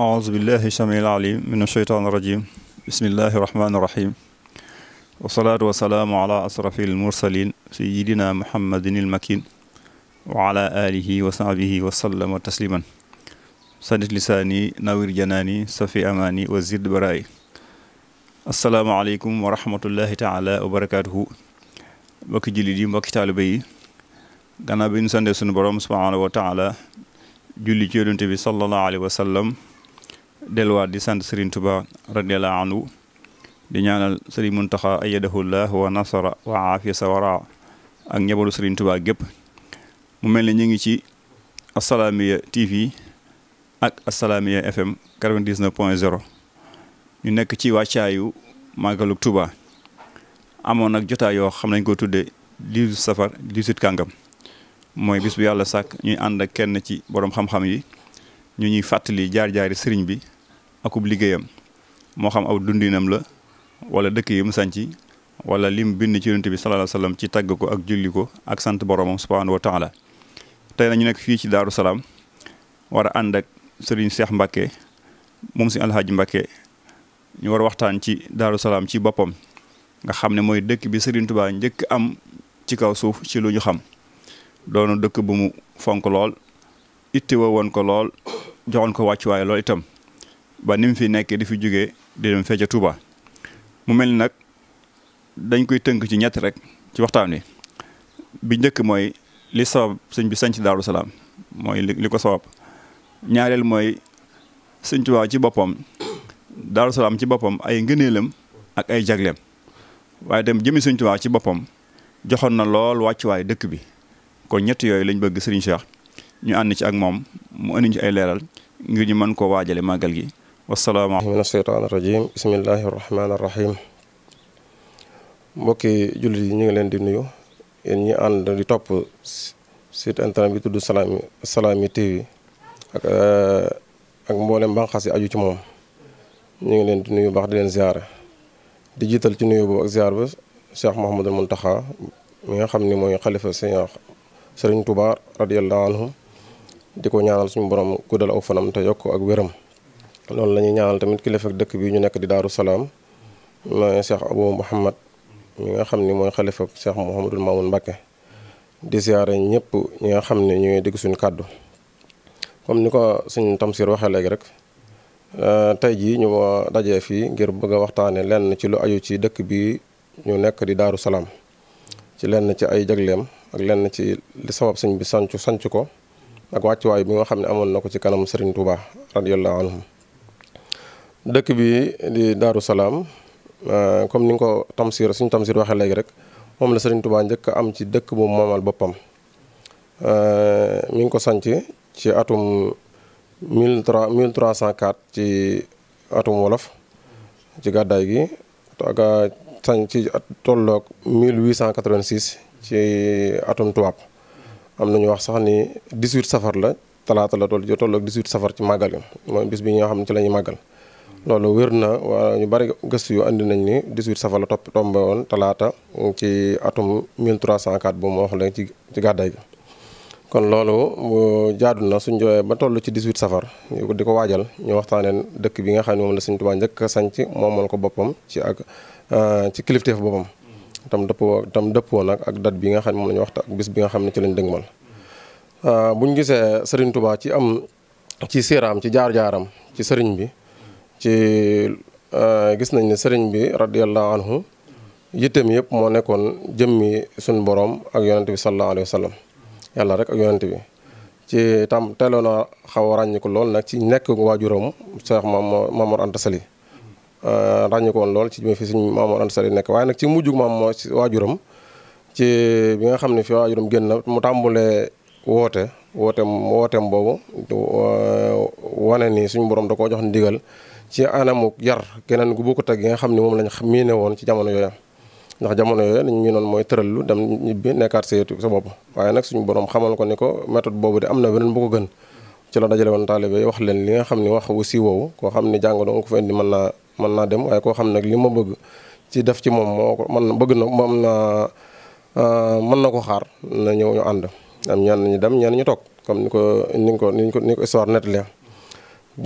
أعوذ بالله السميع العليم من الشيطان الرجيم بسم الله الرحمن الرحيم والصلاة والسلام على أشرف المرسلين سيدنا محمد المكين وعلى آله وصحبه وسلم تسليما سدد لساني نوير جناني صفي أماني وزد برائي السلام عليكم ورحمة الله تعالى وبركاته mbokki jullit yi mbokki taaliba yi gannaaw bi ñu sante sunu borom subhanahu wa taala julli ci yonente bi sallallahu alayhi wa sallam delluwaat di sant Serigne Touba radiallahu anhu di ñaanal Serigne Mountakha ayyadahullah wa nasara wa aafiya sa wara ak njabalu Serigne Touba gépp mu mel ni ñu ngi ci Assalaamy TV ak Assalaamy FM 99 point 0 ñu nekk ci wàccaayu màggalu Touba amoon nag jotaay yoo xam nañ ko tuddee 18 safar 18 kàngam mooy bis bu yàlla sàkk ñuy ànd ak kenn ci boroom xam-xam yi. ñu ñuy fàttali jaar-jaari sëriñ bi akub liggéeyam moo xam aw dundinam la wala dëkk yi mu sañc wala lim bind ci yonent bi sallallahu alayhi ci tàgg ko ak julli ko ak sant boromam subhanahu wa taala tey na ñu nekk fii ci Daaru Salaam war a ànd ak sëriñ Cheikh Mbacke moom si Alhaji Mbacke ñu war waxtaan ci Daaru Salaam ci boppam nga xam ne mooy dëkk bi Serigne Touba njëkk am ci kaw suuf ci lu ñu xam doonu dëkk bu mu fonk lool itti woo woon ko lool joxoon ko wàccuwaay loolu itam ba ni mu fi nekkee di fi jógee di dem fecca Touba mu mel ni nag dañ koy tënk ci ñett rek ci waxtaan wi bi njëkk mooy li sabab sëñ bi sanc Daaru Salaam mooy li ko sabab ñaareel mooy sëñ Tuubaa ci boppam Daaru Salaam ci boppam ay ngëneelam ak ay jagleem waaye dem jëmmi sëñ Tuubaa ci boppam joxoon na lool wàccuwaay dëkk bi kon ñett yooyu lañ bëgg sëriñ Cheikh ñu ànd ci ak moom mu indi ci ay leeral ngir ñu man koo waajale màggal gi wasalaama min asheytaan irajim bismillahi arrahmaan arrahim mbokki jullit yi ñu ngi leen di nuyu yéen ñi ànd di topp site internet bi tudd Salaami Salaami TV ak eh, ak mboolem banqaas yi aju ci moom ñu ngi leen di nuyu baax di leen ziare di jiital ci nuyu boobu ak ziar ba Cheikh mun taxa mi nga xam ni mooy xalifa Sëriñ Touba radiyallahu anhu di ko ñaanal suñu borom guddal aw fanam te yokk ak wéram loolu la ñuy ñaanal tamit kilifa dëkk bi ñu nekk di daaru salaam ma cheikh abou mouhamad mi nga xam ni mooy xalifa cheikh mouhamadul mamoun mbakke di siyaare ñëpp ñi nga xam ne ñooy dégg suñu kàddu comme ni ko suñ tamsir waxee léegi rek euh, tey jii ñu dajee fii ngir bëgg a waxtaane lenn ci lu aju ci dëkk bi ñu nekk di daaru salaam ci lenn ci ay jagleem ak lenn ci li sabab sëñ bi sancu sanc ko ak wàccuwaay bi nga xam ne amoon na ko ci kanam Serigne Touba radiyallahu anhum dëkk bi di Daaru Salaam euh, comme ni nga ko Tamsir suñu Tamsir waxee léegi rek moom la Serigne Touba njëkk am ci dëkk bu moomal boppam euh, mi ngi ko sanc ci atum 1304 ci atum wolof ci gàddaay gi ak sañ ci tolloog 1886 ci atum tubaab am na nañu wax sax ni huit safar la talaata la toll toll ak 18 safar ci màggal gi mooy bis bi ñoo xam ne ci la ñuy màggal loolu wér na waa ñu bari gëstu yu indi nañ ni 18 safar la topp tombe woon talaata ci atum 1304 bu mu wax la ci ci gàddaay gi kon loolu jaadu na suñ joxee ba toll ci 18 safar di ko waajal ñu waxtaaneen dëkk bi nga xam ne moom la Sëñ Tuubaa njëkk a moom moomal ko boppam ci ak euh, ci kilifteef boppam tam dëppoo tam dëppoo nag ak date bi nga xam ne moom la ñu waxta ak bis bi nga xam ne ci lañ dëgmal euh, bu ñu gisee Serigne Touba ci am ci siiraam ci jaar-jaaram ci sëriñ bi ci euh, gis nañ ni sëriñ bi radiyallahu anhu yitteem yëpp moo nekkoon jëmmi suñu borom ak yonente bi sallallahu alayhi wa yàlla rek ak yonente bi ci tam teeloon na xaw a ràññiku lool nag ci nekk waajuram Cheikh Mame Mame moo Anta Sali Euh, ràññu ko lool ci bi fi suñ Maam Mor nekk waaye nag ci mujjug maam moo ci waajuram ci bi nga xam ne fi waajuram génn na mu tàmbulee woote wootem wootem boobu euh, wane ni suñu borom da koo jox ndigal ci anamu yar keneen gu bokkut ak gi nga xam ne moom lañ miine woon ci jamono yooya ndax jamono yooyu li ñu miinoon mooy tërallu dem ñibbi nekkaat sa yëtu sa bopp waaye nag suñu borom xamal ko ni ko méthode boobu de am na beneen bu ko gën ci la dajale woon taalibe wax leen li nga xam ni wax wu si woowu koo xam ni jàng dong ko fa indi mën naa mën naa dem waaye koo xam nag li ma bëgg ci def ci moom moo ko mën na bëgg na mën naa euh, mën na ko xaar na ñëw ñu ànd am ñenn ñi dem ñenn ñu toog comme ni ko ni ko ni ko ni ko histoire nettalee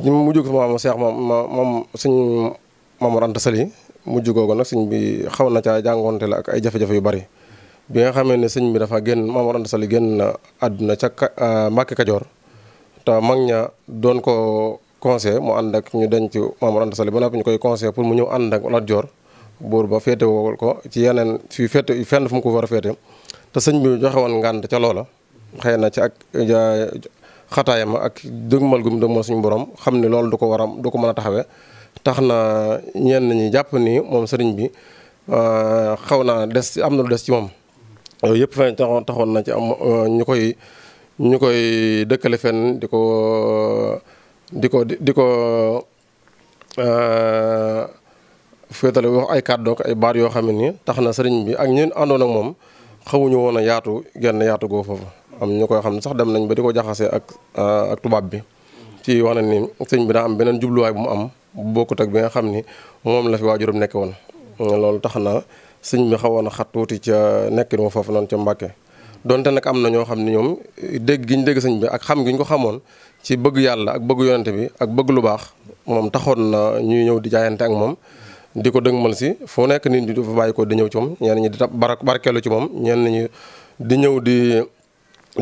ñu mujj ko moom seex moom moom suñ Maam Mor Anta Sali mujj googu nag sëñ bi xaw na caa jàngoonte la ak ay jafe-jafe yu bari bi nga xamee ne sëñ bi dafa génn Maam Mor Anta Sali génn àdduna ca euh, Mbàkke Kajoor te mag ña doon ko conseil mu ànd ak ñu denc Maam Mor Anta Sali ba noppi ñu koy conseil pour mu ñëw ànd ak Lat Joor buur ba féete ko ci yeneen fi féete fenn fu mu ko war a féete te sëñ bi joxe woon ngànt ca loola xëy na ci ak xataayam ak dëgmal gum dëgmal suñu borom xam ne loolu du ko war a du ko mën a taxawee tax na ñenn ñi jàpp ni moom sëriñ bi euh, xaw naa des am na lu des ci moom yooyu yëpp fenn taxoon taxoon na am euh, ñu koy ñu koy dëkkale fenn di ko di ko di ko euh, féetale wax ay kàddoog ay baar yoo xam ne nii tax na sëriñ bi ak ñun àndoon ak moom xawuñu woon a yaatu genn yaatu goo foofu am ñu koy xam ne sax dem nañ ba di ko jaxase ak euh, tubaab bi ci wax na ni sëñ bi daa am beneen jubluwaay bu mu am bu bokkut ak bi nga xam ni moom la fi waajuram nekke woon loolu tax na sëñ bi xawoon a xat tuuti ca nekkin wa foofu noonu ca Mbàkke donte nag am na ñoo xam ne ñoom dégg gi ñu dégg sëñ bi ak xam gi ko xamoon ci bëgg yàlla ak bëgg yonent bi ak bëgg lu baax moom taxoon na ñuy ñëw di jaayante ak moom di ko dëgmal si foo nekk nii ñi dafa bàyyi ko di ñëw ci moom ñenn ñi di barkeelu ci moom ñenn ñi di ñëw di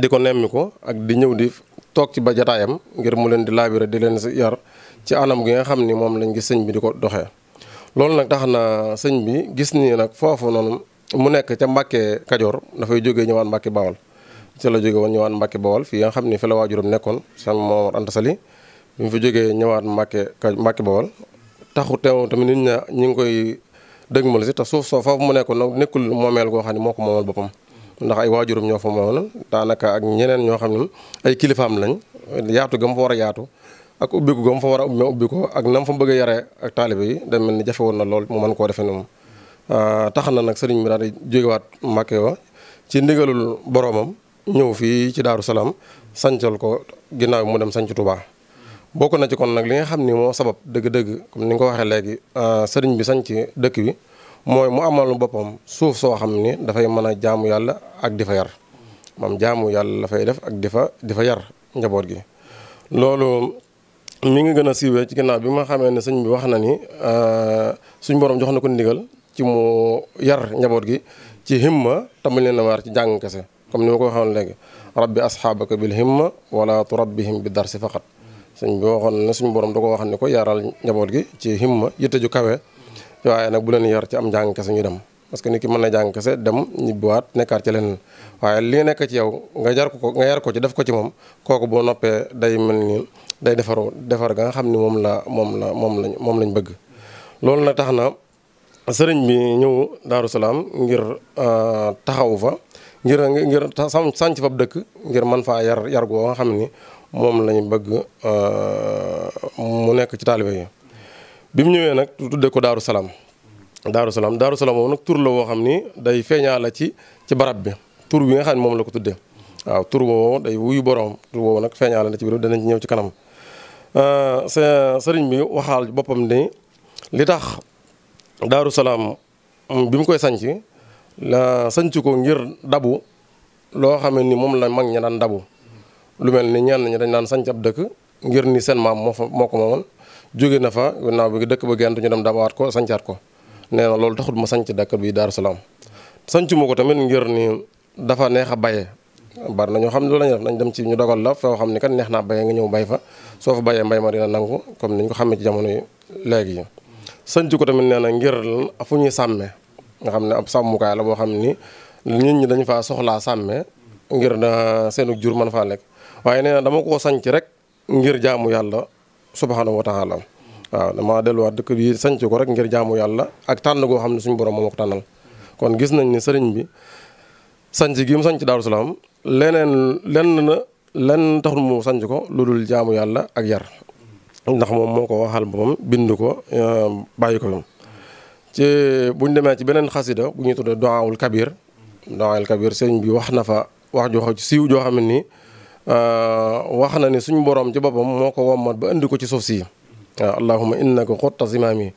di ko nemmi ko ak di ñëw di toog ci ba jataayam ngir mu leen di laabira di leen yar ci anam gi nga xam ni moom lañ gis sëñ bi di ko doxee. loolu nag tax na sëñ bi gis nii nag foofu noonu mu nekk ca Mbàkke Kajoor dafay jógee ñëwaat Mbàkke Bawal. ci la jóge woon ñëwaat Mbacke Bawol fii nga xam ni fi la waajuram nekkoon sama Mor Anta Sali bi mu fi jógee ñëwaat Mbacke Mbacke Bawol taxu teewoon tamit nit ña ñu ngi koy dëgmal si te suuf soo mu nekkoon nag nekkul moomeel goo xam ne moo ko moomal boppam ndax ay waajuram ñoo fa moomoon daanaka ak ñeneen ñoo xam ne ay kilifaam lañ yaatu ga mu fa war a yaatu ak ubbiku ga mu fa war a ubbi ko ak mu fa bëgg a yaree ak taalibe yi dem mel ni jafe woon na lool mu mën koo defee noonu ah, tax na nag sëriñ bi daal di jógewaat Mbacke wa ci ndigalul boroomam ñëw fii ci Daaru Salaam sancal ko ginnaaw bi mu dem sanc Touba. bokk na ci kon nag li nga xam ni moo sabab dëgg-dëgg comme ni nga ko waxee léegi euh, sëriñ bi sanc dëkk bi mooy mu amal boppam suuf soo xam ni dafay mën a jaamu yàlla ak di fa yar moom jaamu yàlla la fay def ak di fa di fa yar njaboot gi loolu mi ngi gën a siiwee ci ginnaaw bi ma xamee ne sëñ bi wax na ni euh, suñ borom jox na ko ndigal ci mu yar njaboot gi ci himma tamit leen a waar ci jàng kese comme ni ma ko waxoon léegi rabbi asxaabaka bil himma wala turabbihim bi darsi faqat suñ bi waxoon ne suñu boroom da ko wax ni ko yaaral njaboot gi ci himma yitte ju kawe waaye nag bu leen yar ci am njàng kese ñu dem parce que nit ki mën na jàng kese dem ñibbiwaat nekkaat ci leen waaye li nekk ci yow nga jar ko nga yar ko ci def ko ci moom kooku boo noppee day mel ni day defaru defar ga nga xam ni moom la moom la moom lañ moom lañ bëgg loolu nag tax na sëriñ bi ñëw Daaru Salaam ngir euh, taxawu fa ngir ngir sànc fab dëkk ngir man faa yar yar goo nga xam ni moom lañu bëgg euh, mu nekk ci taalibe yi bi mu ñëwee nag tudde ko daaru salaam daaru salaam daaru salaam moom nag tur la woo xam ni day feeñaala ci ci barab bi tur bi nga xam ne moom la ko tuddee waaw tur woowu day wuyu borom tur woowu nag feeñaala na ci biir danañ ñëw ci kanam euh, sëriñ bi waxaal boppam ni li tax daaru salaam bi mu koy sanc la sanc ko ngir dabu loo xam ni moom la mag ñi daan dabu lu mel ni ñenn ñi dañ naan sanc ab dëkk ngir ni seen maam moo fa moo ko moomoon jóge na fa gannaaw bi dëkk ba gent ñu dem dabawaat ko sancaat ko nee na loolu taxul ma sanc dëkk bii Daaru Salaam sanc ma ko tamit ngir ni dafa neex a baye bari na ñoo xam ne loolu la nañ dem ci ñu dogal la foo xam ne kat neex naa baye nga ñëw bay fa soo fa bayee mbay ma dina nangu comme ni ñu ko xamee ci jamono yi léegi sanc ko tamit nee na ngir fu ñuy sàmmee nga xam ne ab sàmmukaay la boo xam ni nit ñi dañ faa soxlaa sàmmee ngir na seenu jur mën faa lekk waaye nee na dama koo sañc rek ngir jaamu yàlla subhaanahu wa taala waaw delluwaat dëkk bi sanc ko rek ngir jaamu yàlla ak tànn goo xam ne suñu borom moo ko tànnal kon gis nañ ni sëriñ bi sanc gi mu sanc Daaru Salaam leneen lenn na lenn taxul ko lu dul jaamu yàlla ak yar ndax moom moo ko waxal boppam bind ko bàyyi ko ci bu ñu demee ci beneen xasida bu ñuy tuddee doaawul kabir doaawul kabir sëñ bi wax na fa wax joo xam siiw joo xam ne nii euh, wax na ni suñu borom ci boppam moo ko wommat ba indi ko ci suuf si waaw allahuma innaka xutta simaami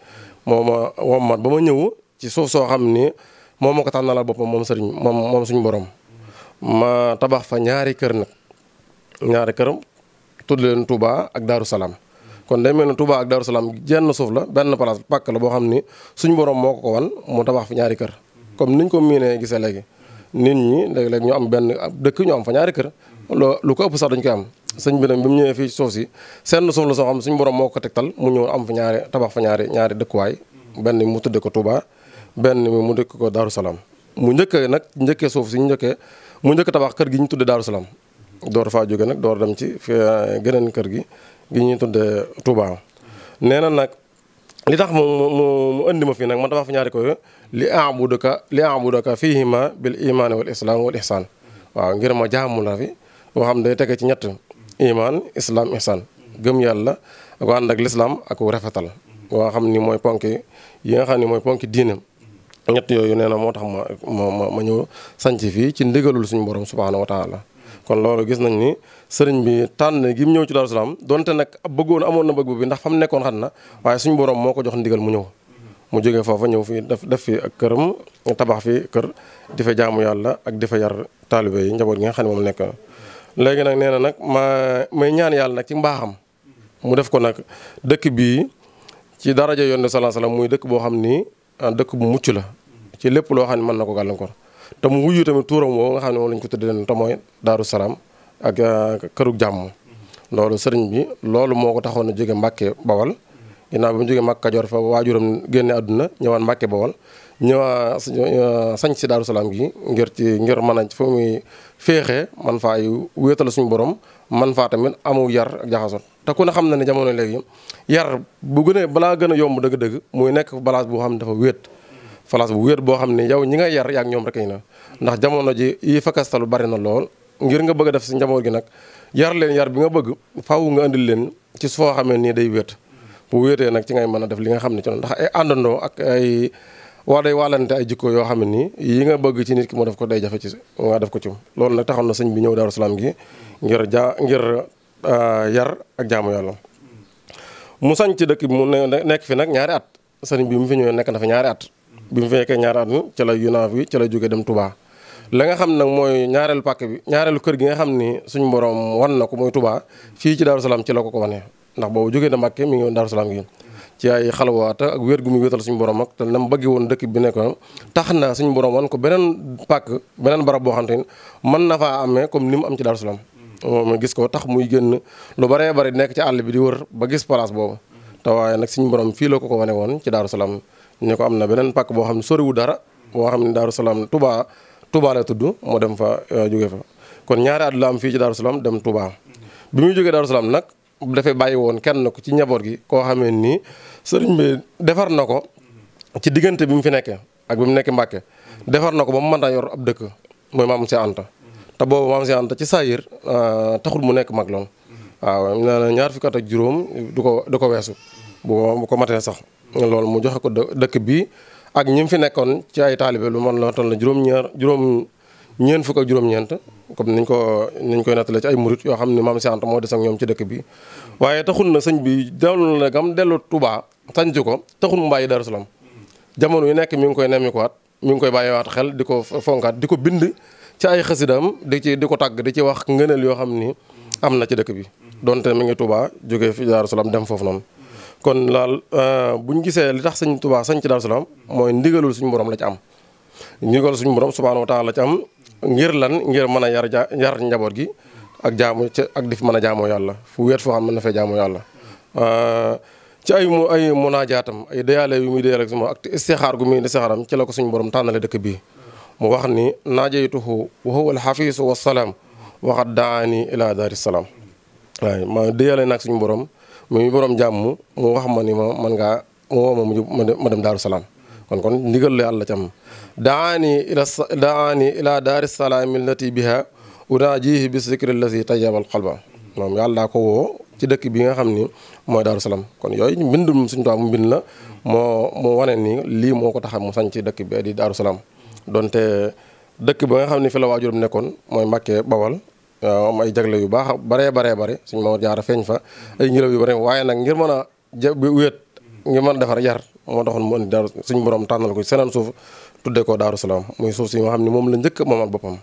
moo ma wommat ba ma ñëw ci suuf soo xam ni moom ma ko tànnalal boppam moom sëriñ moom moom suñu borom ma tabax fa ñaari kër nag ñaari këram tudd leen Touba ak Daaru Salaam kon day mel ne Touba ak Darou Salaam jenn suuf la benn place pàkk la boo xam ni suñ borom moo ko ko wan mu tabax fi ñaari kër comme niñ ko miinee gisee léegi nit ñi léeg-léeg ñu am benn dëkk ñu am ñaari kër loo lu ko ëpp sax dañ koy am sëñ bi bi mu ñëwee fii suuf si seen suuf la soo xam suñu borom moo ko tegtal mu ñëw am fa ñaari tabax fa ñaari ñaari dëkkuwaay benn mu tudde ko Touba benn mu dëkk ko Darou Salaam mu njëkkee nag njëkkee suuf si ñu njëkkee mu njëkk tabax kër gi ñu tudde Darou Salaam door faa jóge nag door dem ci eh, geneen kër gi gi ñu tuddee Touba. nee na nag li tax mu mu mu indi ma fii nag ma tabax fi ñaari ko li aabuduka li aabuduka fiihima bil imaan wal islaam wal ihsaan waaw ngir ma jaamu la fi xam day tege ci ñett imaan islaam gëm yàlla ak ànd ak lislaam ak rafetal. waa xam ni mooy ponk yi nga xam ni mooy ponk diine ñett yooyu nee na moo tax ma ma ma ñëw sanc fii ci ndigalul suñu borom subhaanahu wa kon loolu gis nañ ni sëriñ bi tànn gi mu ñëw ci Daaru Salaam donte nag bëggoon amoon na bëgg bi ndax fa nekkoon xam na waaye suñu borom moo ko jox ndigal mu ñëw mu jógee foofa ñëw fi def def fi ak këram tabax fi kër di fa jaamu yàlla ak di fa yar taalibe yi njaboot gi nga xam ne moom nekk léegi nag nee na nag ma may ñaan yàlla nag ci mbaaxam mu def ko nag dëkk bii ci dara yonent sallallahu alayhi wasallam muy dëkk boo xam ni ah, dëkk bu mucc la ci lépp loo xam ne mën na ko gàllankoor te mu wuyu tamit tuuram woo ne moom lañ ko tuddee leen te mooy Daaru Salaam ak euh, kërug jàmm loolu sëriñ bi loolu moo ko taxoon a jóge Mbàkke Bawal ginnaaw bi mu jógee Mbàkke Kajoor fa génne àdduna ñëwaat Mbàkke Bawal ñëwaa euh, sañ si Daaru Salaam gi ngir ci ngir mën a fa muy féexe man faa yu wéetal suñu borom man faa tamit amu yar ak jaxasoo te ku ne xam na ne jamono léegi yar bu gën a balaa gën a yomb dëgg-dëgg muy nekk balaa boo xam ne dafa wéet place bu wér boo xam ne yow ñi nga yar yaak ñoom rek na ndax jamono ji yi fakastalu bari na lool ngir nga bëgg def si njaboot gi nag yar leen yar bi nga bëgg faaw nga andil leen ci soo xamee nii day wéet bu wéetee nag ci ngay mën a def li nga xam ne ci ndax ay àndandoo ak ay waa day waalante ay jikko yoo xam ne nii yi bëgg ci nit ki moo def ko day jafe ci nga def ko ci loolu nag taxoon na señ bi ñëw Daaru Salaam gi ngir jaa ngir ah, yar ak jaamu yàlla mu sañ ci dëkk bi mu nekk fi nag ñaari at sëñ bi mu fi ñëwee nekk na fi ñaari at bi mu fekkee nekkee ñaari at ci la yunaaf bi ci la jóge dem tubaa la nga xam nag mooy ñaareelu pàkk bi ñaareelu kër gi nga xam ni suñu borom wan na ko mooy tubaa fii ci Darou Salaam ci la ko ko wane ndax boobu jógee na Màkke mi ngi woon Darou Salaam gi ci ay xalwaata ak wér gu muy wéetal suñu borom ak te na mu bëgg woon dëkk bi nekkoon tax na suñu borom wan ko beneen pàkk beneen barab boo xam ni mën na faa amee comme ni mu am ci Darou Salaam moom gis ko tax muy génn lu baree bari nekk ci àll bi di wër ba gis place boobu te waaye nag suñu borom fii la ko ko wane woon ci Darou Salaam ñu ko am na beneen pàkk boo xam ne soriwu dara boo xam ne Daaru Salaam Touba Touba la tudd mu dem fa euh, jóge fa kon ñaari at am fii ci Daaru Salaam dem Touba bi muy jógee Daaru Salaam nag dafay bàyyi woon kenn ko ci njaboot gi koo xamee nii sëriñ bi defar na ko ci diggante bi mu fi nekkee ak bi mu nekk Mbàkke defar na ko ba mu mën yor ab dëkk mooy maam si Anta te boobu maam si Anta ci saayir euh, taxul mu nekk mag lool waaw na ñaar fukki ak juróom du ko du ko weesu ko matee sax loolu mu joxe ko dëkk bi ak ñi mu fi nekkoon ci ay taalibe lu man la toll na juróom-ñaar juróom ñeent fukk ak juróom-ñeent comme niñ ko niñ koy nettalee ci ay murit yoo xam ne maam si Anta moo des ñoom ci dëkk bi waaye taxul na sañ bi dellu na gam dellu Touba sanc ko taxul mbayi dara Darou Salaam jamono yi nekk mi ngi koy nemmikuwaat mi ngi koy waat xel di ko fonkaat di ko bind ci ay xasidaam di ci di ko tàgg di ci wax ngëneel yoo xam ni am na ci dëkk bi donte mi ngi Touba jógee fi Darou Salaam dem foofu noonu kon laal euh, bu ñu gisee li tax sëñ Tuubaa sañ ci Daaru Salaam mooy ndigalul suñu borom la ci am ndigalul suñu borom subhaanahu wa taala la ci am ngir lan ngir mën a yar ja yar njaboot gi ak jaamu ca di fi mën a jaamoo yàlla fu wéet foo xam mën na fee jaamoo yàlla euh, ci ay mu ay munaajaatam ay dayaale yu muy dayaale ak sama ak gu muy istixaaram ci la ko suñu borom tànnale dëkk bii mu wax ni naajaytuhu wa huwa alxafiisu wassalaam waxat daani ila daari salaam waaye ma dayaale suñu borom muy boroom jàmm mu wax ma ni ma man ngaa mu woo ma dem Daaru Salaam kon kon ndigal la yàlla ci am daani ila daani ila daari salaami lati biha unaajihi bi sikri lati tayyabal xalba moom yàlla ko woo ci dëkk bi nga xam ni mooy Daaru Salaam kon yooyu mbindum suñ tubaab mu mbind na moo moo wane ni lii moo ko taxam mu sañ ci dëkk bi di Daaru Salaam donte dëkk ba nga xam ne fi la waajuram nekkoon mooy Mbàkke Bawal waaw am ay jagle yu baax baree baree bare suñ Mamour Diarra feeñ fa ay ngelaw yu bare waaye nag ngir mën a ja wéet ngir man a defar yar moo taxoon mu indi daaru suñ borom tànnal ko seneen suuf tuddee ko Daaru Salaam muy suuf si nga xam ni moom la njëkk moom moomal boppam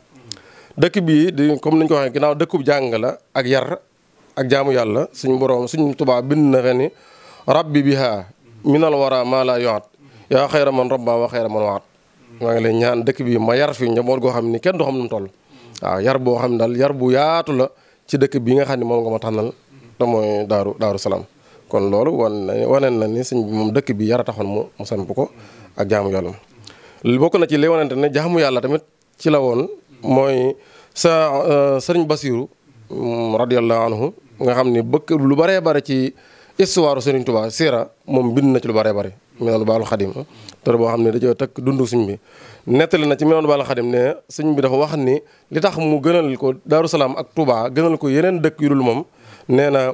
dëkk bii di comme ni ñu ko waxee ginnaaw dëkkub jàng la ak yar ak jaamu yàlla suñ borom suñ Tuubaa bind na fe ni rabbi biha minal wara maa laa yoat yaa xayra man rabba wa xayra man waat maa ngi lay ñaan dëkk bii ma yar fi njaboot goo xam ni kenn du xam nu toll waaw yar boo xam ne daal yar bu yaatu la ci dëkk bii nga xam ne moom nga ma tànnal te mooy daaru daaru salaam kon loolu wan waneen na ni sëñ bi moom dëkk bi yara taxoon mu mu samp ko ak jaamu yàlla bokk na ci li wanante ne jaamu yàlla tamit ci la woon mooy sa euh, sëriñ Basiru mm, radiyallahu anhu nga xam ne bëkk lu bare bare ci histoire sëriñ Tuubaa siira moom bind na ci lu baree bare minal baalu xadim te boo xam ne dajoo tëkk dundu suñ bi nettali na ci meloon Balla Xadim ne sëñ bi dafa wax ni li tax mu gënal ko Daaru Salaam ak Touba gënal ko yeneen dëkk yu dul moom nee na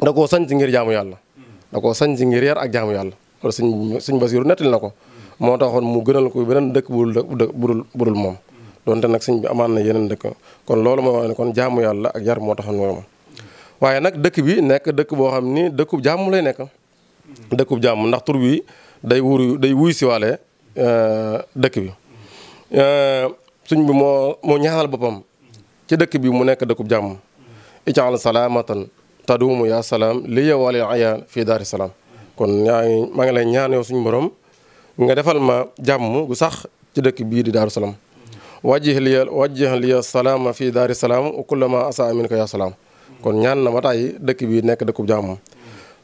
da koo sanc ngir jaamu yàlla. da sañ sanc ngir yar ak jaamu yàlla loolu sëñ nettali na ko. moo taxoon mu gënal ko beneen dëkk bu dul moom. donte nag sëñ bi amaan na yeneen dëkk kon loolu moo wax ne kon jaamu yàlla ak yar moo taxoon loolu moom. waaye nag dëkk bi nekk dëkk boo xam ni dëkkub jàmm lay nekk. dëkkub jàmm ndax tur bi day wuuru day wuy siwaale Euh, dëkk bi euh, suñ bi moo moo ñaanal boppam ci dëkk bi mu nekk dëkkub jàmm ijaal salaamatan taduumu yaa salaam li yawali ayaan fii daari salaam kon yaa ngi maa ngi lay ñaan yow suñu borom nga defal ma jàmm gu sax ci dëkk bii di daaru salaam wajjih liya wajjih liya salaama fii daari salaam wa asa amin ko yaa salaam kon ñaan na ma dëkk bi nekk dëkkub jàmm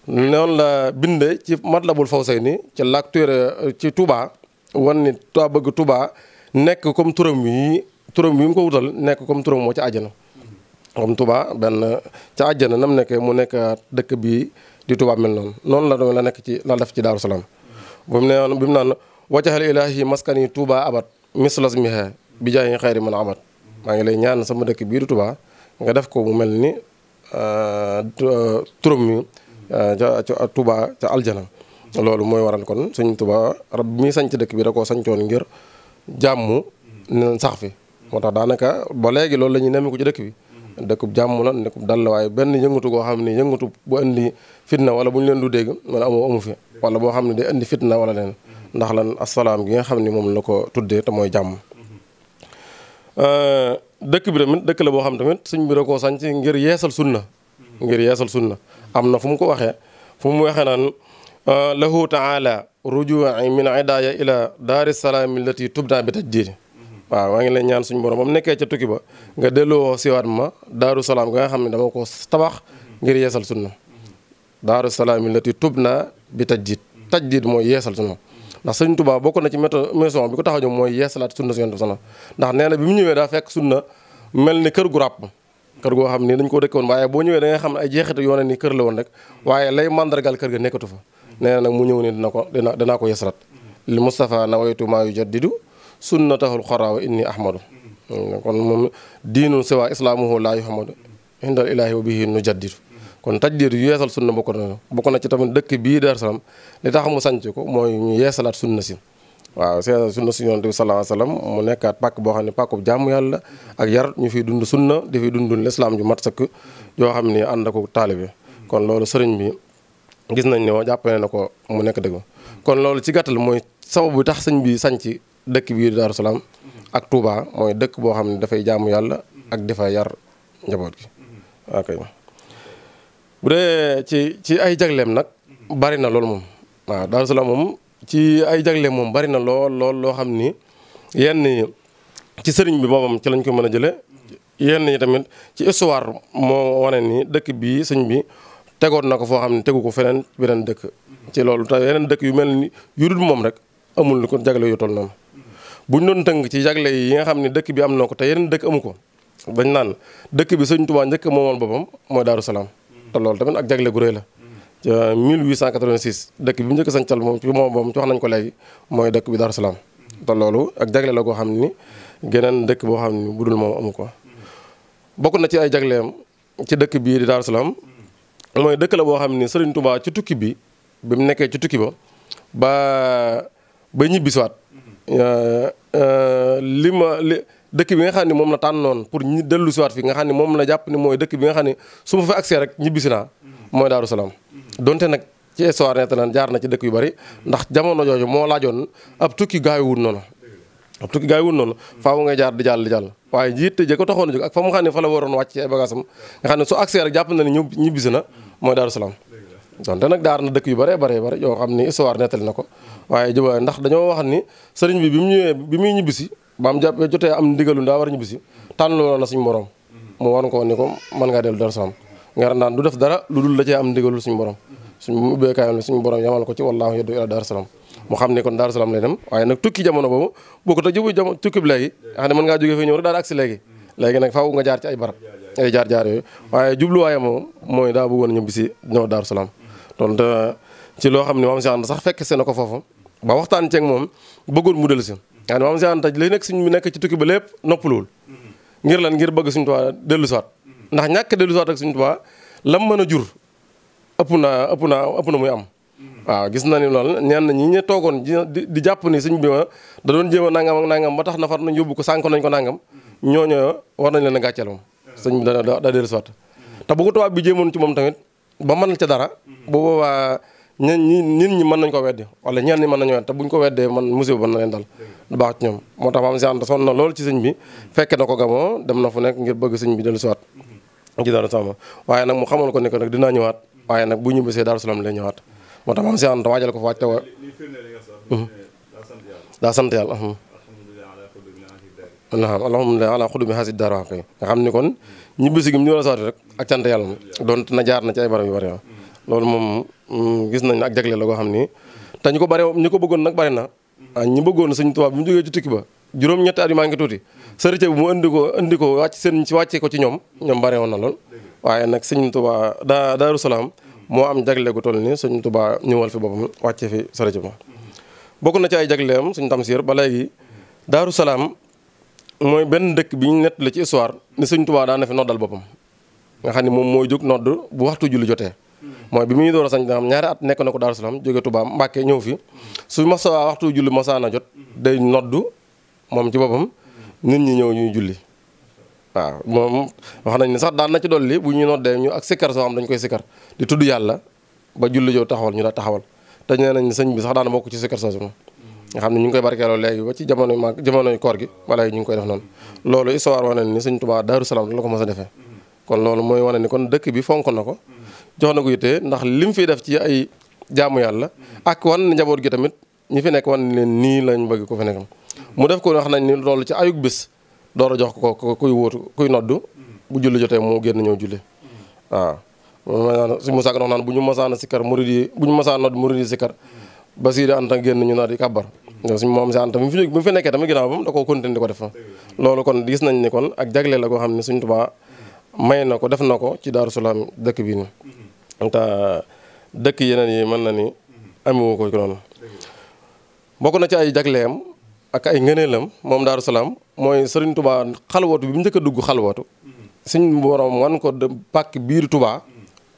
noonu la binde ci Matlabul Fawzayni ci laak téere ci Touba wan ni Tuubaa bëgg tubaa nekk comme turam yi turam yi mu ko wutal nekk comme turam moo ci àjjana comme Tuubaa benn ca àjjana nam nekkee mu nekk dëkk bi di Tuubaa mel noonu noonu la doon la nekk ci la def ci Daaru Salaam bu mu nee bi mu naan waccaxal ilaahi maskani Tuubaa abat mislas mihe bi jaayi xayri man abat maa ngi lay ñaan sama dëkk bii di Tuubaa nga def ko mu mel ni euh, euh, turam wi euh, ca Tuubaa ca aljana loolu mooy waral kon sëñ Tuubaa rab bi muy sanc dëkk bi da koo sancoon ngir jàmmu ne sax fi moo tax daanaka boo léegi loolu lañuy ñuy nemmiku ci dëkk bi dëkkub jàmm la dëkkub dal waaye benn yëngatu goo xam ne yëngatu bu indi fitna wala bu ñu leen du dégg man amoo fi wala boo xam ne day indi fitna wala leen ndax lan asalaam gi nga xam ne moom la ko tuddee te mooy jàmm euh, dëkk bi tamit dëkk la boo xam tamit suñ bi da koo sanc ngir yeesal sunna ngir yeesal sunna am na fu ko waxee fu mu naan lahu taala rujuwai min idaaya ila daari salaam allati tubna bi tajdiid waaw waa ngi lay ñaan suñ borom ba mu nekkee ca tukki ba nga delloo siwaat ma daaru salaam ga nga xam ne dama ko tabax ngir yeesal sunna daaru salaam allati tubna bi tajdiid tajdiid mooy yeesal sunna ndax sëñ Tuubaa bokk na ci méto maison bi ko tax mooy yeesalaat sunna si yonent bi ndax nee na bi mu ñëwee daa fekk na mel ni kër gu ràpp kër goo xam ni dañ ko dëkkoon waaye boo ñëwee da nga xam ne ay jeexit yoo nii kër la woon rek waaye lay màndargal kër ga nekkatu fa nee na nag mu ñëw ne dina ko dina dinaa ko yasrat li Moustapha nawaytu maa yu jaddidu sunnatahul xoraawa inni ahmadu kon moom diinu siwa islaamuhu laa yuhamadu indal ilaahi wa bihi nu jaddidu kon tajdiid yu yeesal sunna bokk na bokk na ci tamit dëkk bii Daaru Salaam li tax mu sanc ko mooy ñu yeesalaat sunna si waaw seesal sunna si yonent bi sallallahu alayhi wasallam mu nekkaat pàkk boo xam ne pàkkub jaamu yàlla ak yar ñu fiy dund sunna di fiy dund lislaam ju mat sëkk yoo xam ne ànd ko taalibe kon loolu sëriñ bi gis nañ ne jàppale na ko mu nekk dëgg kon loolu ci gàttal mooy bu tax sëñ bi sanc dëkk bii Daaru Salaam ak Touba mooy dëkk boo xam ne dafay jaamu yàlla ak dafa yar njaboot gi bu dee ci ay jagleem nag bari na loolu moom waaw Daaru Salaam moom ci ay jagleem moom bari na lool lool loo xam ni yenn ci sëriñ bi boobam ci lañ ko mën a jële yenn yi tamit ci histoire moo wane ni dëkk bii sëñ bi tegoon na ko foo xam ne tegu ko feneen beneen dëkk ci loolu te yeneen dëkk yu mel ni yu dul moom rek amul lu ko jagle yu toll noonu bu ñu doon tënk ci jagle yi nga xam ne dëkk bi am na ko te yeneen dëkk amu ko bañ naan dëkk bi sëñ Tuubaa njëkk moomoon boppam mooy Daaru Salaam te loolu ak jagle gu rëy la 1886 dëkk bi njëkk sancal moom ci moom moom ci wax nañ ko léegi mooy dëkk bi Daaru Salaam loolu ak jagle la goo xam ni geneen dëkk boo xam ni bu dul moom amu ko bokk na ci ay jagle jagleem ci dëkk bii di Daaru Salaam mooy dëkk la boo xam ni Serigne Touba ci tukki bi bi mu nekkee ci tukki ba ba ba ñibbisiwaat mm-hmm. euh, euh, li ma li dëkk bi nga xam ne moom la tànnoon pour ñi dellu siwaat fi nga xam ne moom la jàpp ni mooy dëkk bi nga xam ne su ma fa agsee rek ñibbisi naa mm-hmm. mooy Daaru Salaam mm-hmm. donte nag ci histoire nett naan jaar na ci dëkk yu bari ndax jamono jooju moo laajoon ab tukki gaay wul noonu ab tukki gaa yi wut noonu faaw ngay jaar di jàll di jàll waaye jiit jëkk taxoon a jóg ak fa mu xam ne fa la waroon wàcc ay bagages nga xam ne su accès rek jàpp na ne ñibbisi na mooy Daaru Salaam donte nag daar na dëkk yu bare bare bare yoo xam ni histoire nettali na ko waaye jubaa ndax dañoo wax ni sëriñ bi bi mu ñëwee bi muy ñibbisi ba am jàpp jotee am ndigalu daa war a ñibbisi tànn loolu na suñu borom mu war ko ni ko mën ngaa dellu Daaru Salaam nga daan du def dara lu dul la cee am ndigalul suñu borom suñu mu ubbee kaayam borom yamal ko ci wallaahu yaddu ila Daaru mu xam ne kon Daaru Salaam lay dem waaye nag tukki jamono boobu bokkut ak jëbu jamono tukki bi léegi xam ne mën ngaa jógee fii ñëw rek daal agsi léegi ci ay barab jaar jaar yooyu waaye jubluwaayam moom mooy daa bëggoon ñëw bisi ñëw Daaru Salaam donc ci loo xam ne maam si ànd sax fekk see na ko foofu ba waxtaan ceeg moom bëggoon mu dellu si yaa ne maam si ànd li nekk suñ nekk ci tukki ba lépp noppaluwul ngir lan ngir bëgg suñu Tuubaa dellu siwaat ndax ñàkk dellu siwaat ak suñu Tuubaa lam mën a jur ëpp naa ëpp naa ëpp na muy am. waaw gis na ni loolu ñenn ñi ñu toogoon di di jàpp ni suñ bi da doon jéem a nangam ak nangam ba tax na far nañ yóbbu ko sànq nañ ko nangam ñooñu war nañ leen a gàcceel moom. sëñ bi da da da dellusiwaat te bu ko tubaab bi jéemoon ci moom tamit ba mën ca dara. bu boobaa ñen ñi nit ñi mën nañ ko weddi wala ñenn ñi mën nañu weddi te buñ ko weddee man musiba mën na leen dal. du baax ci ñoom moo tax maam si ànd sonn na lool ci sëñ bi fekke na ko gamoo dem na fu nekk ngir bëgg sëñ bi dellusiwaat. ci dara sama waaye nag mu xamal ko ne ko nag dinaa ñëwaat waaye nag bu ñu bisee Daaru Salaam la ñëwaat moo tax maam si Anta waajal ko fa waaj te mhm. sant yàlla mhm. naam alhamdulilah ala xudumi xaasid daar waaq nga xam ni kon ñibbisi gi mu ñu saatu rek ak cant yàlla mi doon na jaar na ci ay barab yu bari ah. mm. loolu moom mm, gis nañ ak jagle la goo xam ni te ñu ko bare ñu ko bëggoon nag bari na mm. ah, ñu bëggoon sëñ Tuubaa bi mu jógee ci tukki ba juróom-ñetti at maa ngi tuuti sërite bi mu indi ko indi ko wàcc seen ci wàccee ko ci ñoom ñoom bare woon na lool waaye nag sëñ tubaa daa Daaru Salaam moo am jagle gu toll ni sëñ Tuubaa ñëwal fi boppam wàcce fi sore ci ma bokk na ci ay jagleem sëñ Tamsiir ba léegi Daaru Salaam mooy benn dëkk bi ñu nettali ci histoire ni sëñ Tuubaa daa na fi noddal boppam nga xam ne moom mooy jóg nodd bu waxtu julli jotee mooy bi muy door a sañ daam ñaari at nekk na ko Daaru Salaam jóge Tuubaa Mbàkke ñëw fi su masa waxtu julli masaana jot day nodd moom ci boppam nit ñi ñëw ñuy julli waaw moom wax nañ ne sax daan na ci dolli bu ñu noddee ñu ak sikkar soo xam dañ koy sikkar di tudd yàlla ba julli jow taxawal ñu daa taxawal te nee nañ sëñ bi sax daana bokk ci sikkar soosu moom nga xam ne ñu ngi koy barkeeloo léegi ba ci jamono ma jamonoy koor gi wala ñu ngi koy def noonu loolu histoire wane ni sëñ Tuubaa Daaru Salaam la ko mos a defee kon loolu mooy wane ni kon dëkk bi fonk na ko jox na ko yitte ndax lim fi def ci ay jaamu yàlla ak door a jox ko ko kuy wóotu kuy noddu bu julli jotee mu génn ñëw julli waaw maanaam suñu musaaka dox naan bu ñu masaana sikkar murid yi bu ñu masaana nodd murid yi sikkar ba sii di anta génn ñu naat yi kàbbar suñ moom si anta bi fi fi nekkee tamit ginnaaw bam da koo continué di ko def loolu kon gis nañ ni kon ak jagle la koo xam ne suñ tubaa may na ko def na ko ci Daaru Salaam dëkk bii ni te dëkk yeneen yi man na ni amewu ko noonu bokk na ci ay jagleem ak ay ngëneelam moom Daaru Salaam mooy Serigne tubaa xalwatu bi mu njëkk a dugg xalwatu suñ borom wan ko pàkk biir tubaa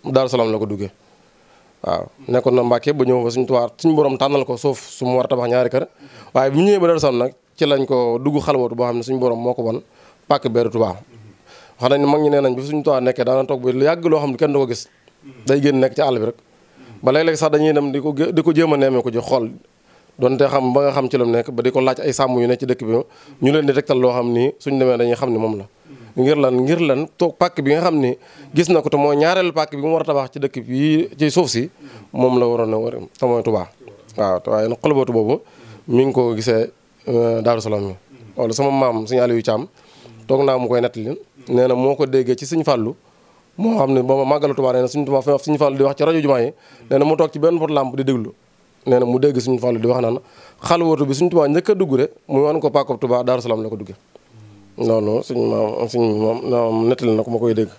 Daaru Salaam la ko duggee waaw nekkoon na Mbàkke ba ñëw fa suñ Touba suñ borom tànnal ko suuf su mu war a tabax ñaari kër waaye bi mu ñëwee ba Daaru Salaam nag ci lañ ko dugg xalwatu boo xam ne suñ borom moo ko wan pàkk beeru tubaa wax nañ mag ñi nee nañ bi suñ Touba nekkee daana toog ba yàgg loo xam ne kenn du ko gis day génn nekk ci àll bi rek ba léeg-léeg sax dañuy di ko di ko jéem a neemee ko ji xool donte xam ba nga xam ci lu mu nekk ba ko laaj ay sàmm yu ne ci dëkk bi ñu leen di loo xam ni suñ demee dañuy xam ni moom la ngir lan ngir lan toog pàkk xam ni gis na ko te mooy ñaareelu pàkk bi war a tabax ci dëkk bi ci suuf moom la waroon a war te mooy Touba waaw te waaye nag xolbootu boobu mi ko gisee euh, Daaru Salaam yi wala sama maam suñu Aliou Thiam toog naa mu koy nettali nee na moo ko déggee ci suñ fàllu moo xam ne booba màggalu Touba nee na suñ Touba suñu fàllu di wax ci rajo jumaa yi nee na mu toog ci benn pot lamp di déglu nee na mu dégg suñu fàllu di wax naan xalwatu bi suñu tubaa njëkk a dugg de mu wan ko pàkkob tubaa daaru salaam la ko duggee loolu suñ maam suñu maam nettali na ko ma koy dégg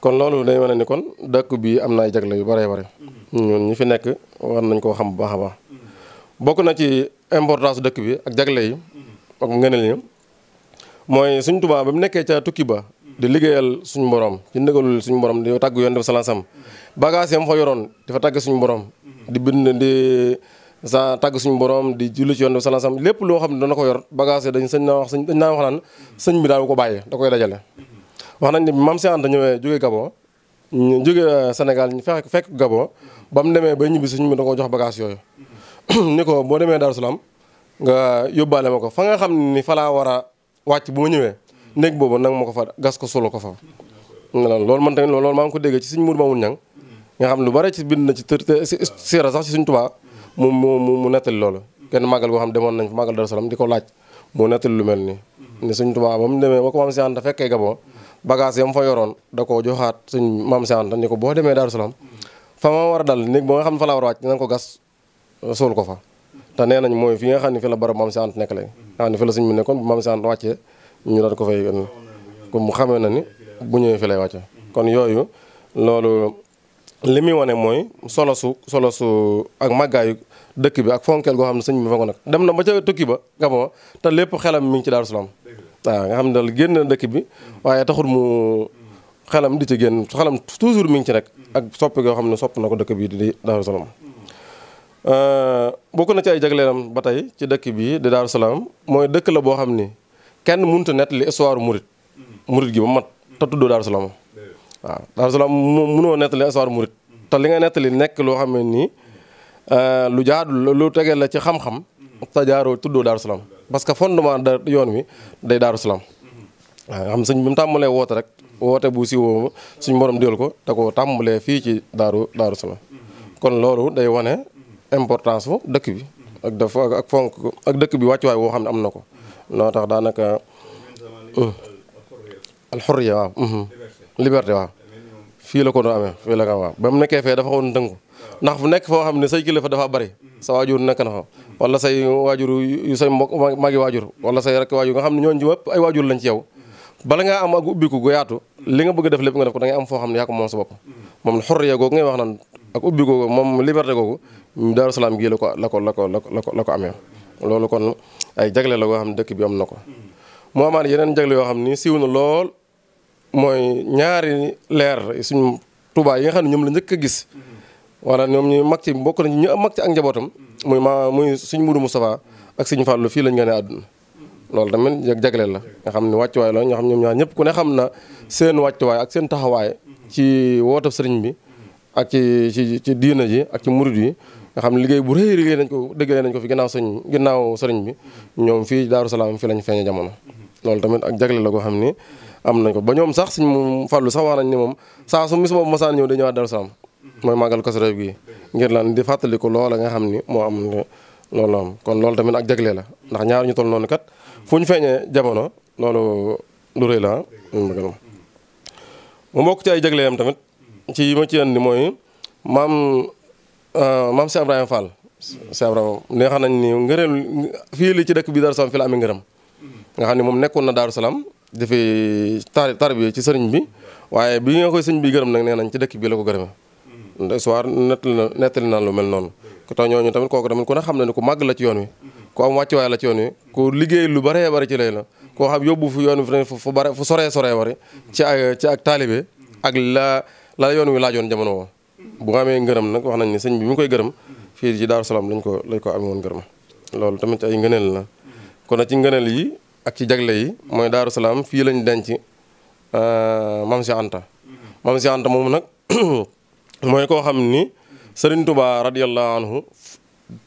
kon loolu day wane ni kon dëkk bi am na ay jagle yu bare bare ñun ñi fi nekk war nañ koo xam bu baax a baax bokk na ci importance dëkk bi ak jagle yi ak ngëneel yi mooy suñ tubaa ba mu nekkee ca tukki ba di liggéeyal suñu borom ci ndigalul suñu borom di tàggu yoon def salaasam bagage yam fa yoroon dafa tàgg suñu borom di bind di sa tàgg suñu borom di julli ci yoon bi salaam lépp loo xam ne dana ko yor bagage dañ sëñ naa wax sëñ dañ naa wax naan sëñ bi daaw ko bàyyee da koy dajale wax nañ ne maam si Anta ñëwee jógee Gabon ñu jógee euh, Sénégal ñu fekk fekk Gabon ba mu demee ba ñibbi sëñ bi da ko jox bagage yooyu ni ko boo demee Darou Salaam nga yóbbaale ma ko fa nga xam ni fa laa war a wàcc bu ma ñëwee néeg boobu nag ma ko fa gas ko solo ko fa loolu man tamit loolu maa ngi ko déggee ci sëñ Mour Mamoun Niang nga xam lu bare ci bind na ci tër siira sax ci suñ tubaa mu mu mu nettali loolu kenn màggal goo xam demoon nañ fa màggal Daaru di ko laaj mu nettali lu mel nii ne suñ tubaa ba fa yoroon da koo joxaat suñ maam si Anta ni ko boo demee Daaru Salaam fa war a dal néeg ba nga xam ne la war a wàcc dinañ ko gas suul ko fa te nee nañ mooy fi nga xam ne fi la barab maam si Anta nekk lay nga xam ne fi la suñ mu nekkoon bu maam si Anta wàccee ñu daal ko fay mu xamee na ni bu ñëwee fi lay wàcce kon yooyu loolu li muy wane mooy solo su solo su ak màggaayu dëkk bi ak fonkeel goo xam ne sëñ bi fonk nag dem na ba ca tukki ba Gabon te lépp xelam mi ngi ci Daaru Salaam waaw nga xam ne daal génn na dëkk bi waaye taxul mu xelam di ci génn xelam toujours mi ngi ci rek ak soppi goo xam ne sopp na ko dëkk bi di Daaru Salaam euh, bokk na ci ay jagleelam ba tey ci dëkk bi di Daaru Salaam mooy dëkk la boo xam ni kenn mënut a nettali histoire murit mm-hmm. murit gi ba mat te tuddoo Daaru waaw Daaru Salaam moom mënoo nettali mu murit te li nga nettali nekk loo xam ne nii euh, lu jaadu lu tegee la ci xam-xam te jaaroo tuddoo Daaru Salaam parce que fondement da yoon wi day Daaru Salaam waaw xam mu tàmbalee woote rek woote bu si suñu borom déel ko te ko fii ci daaru Daaru Salaam kon loolu day wane importance fu dëkk bi ak dafa ak fonk ak dëkk bi waay woo xam ne am na ko loo tax daanaka euh, alxurriya waaw mhm. liberté waa fii la ko doon amee fii la ko waaw ba mu nekkee fee dafa xawoon tënku ndax fu nekk foo xam ne say kilifa dafa bari sa waajur nekk na fa wala say waajur yu say mbokk magi waajur wala say rakk waajur nga xam ne ñooñu ci wëpp ay lañ ci yow bala am ak ubbiku gu yaatu li nga bëgg def lépp nga def ko am foo xam ne yaa ko moom sa bopp moom xorriya googu ngay wax naan ak ubbi googu moom liberté googu Daaru Salaam gii la ko la ko la ko la la ko amee loolu kon ay jagle la goo xam ne dëkk bi am na ko mu amaat yeneen jagle yoo xam ni siiw na lool mooy ñaari leer suñu Touba yi nga xam ne ñoom la njëkk a gis wala ñoom ñu mag ci bokk nañ ñu mag ci ak njabootam muy ma muy suñu Mourou Moustapha ak suñu Fallou fii lañ gane àdduna loolu tamit jagleel la nga xam ne wàccuwaay la nga xam ñoom ñaar ñëpp ku ne xam na seen wàccuwaay ak seen taxawaay ci wootab sëriñ bi ak ci ci ci diina ji ak ci murid yi nga xam ne liggéey bu rëy liggéey nañ ko déggalee nañ ko fi ginnaaw sëñ ginnaaw sëriñ bi ñoom fii Daaru fi fii lañ feeñe jamono loolu tamit ak jagleel la koo xam ni am nañ ko ba ñoom sax suñ mu fàllu sax wax nañ ni moom saa su mis boobu mosaan ñëw dañëwaat Daaru Salaam mooy màggal Kazu Rajab gi ngir la di fàttali ko loola nga xam ni moo am loolu la tamit ak jagle la ndax ñaar ñu toll noonu kat fu ñu feeñee jamono loolu lu bokk ci ay jagleem tamit ci yi ma mooy maam euh, maam Cheikh nañ ni ngëreelu fii li ci dëkk bi Daaru Salaam fi la ngërëm nga xam ne moom nekkoon na Daaru Salaam dafay taar tarbiya ci sëriñ bi waaye bi nga koy sëñ bi gërëm nag nee nañ ci dëkk bi la ko gërëme histoire mm-hmm. nettali na nettali na lu mel noonu mm-hmm. ko tax ñooñu tamit kooku tamit ko ne xam na ne màgg la ci yoon wi mm-hmm. ku am wàccuwaay la ci liggéey lu bare bari ci lay la koo xam yóbbu fu yoon wi fu bare soree soree wari ci ak ak la la yoon wi laajoon jamono woo bu nga amee ngërëm nag wax nañ ne sëñ bi mu koy gërëm fii ci Daaru Salaam lañ ko lañ ko amee woon ngërëm loolu tamit ay ngëneel la kon ci ngëneel yi ak ci jagle yi mooy Daaru Salaam fii lañ denc euh, Maam Cheikh Anta Maam Cheikh Anta moom nag mooy koo xam ni Sëriñ Tuubaa radiyallahu anhu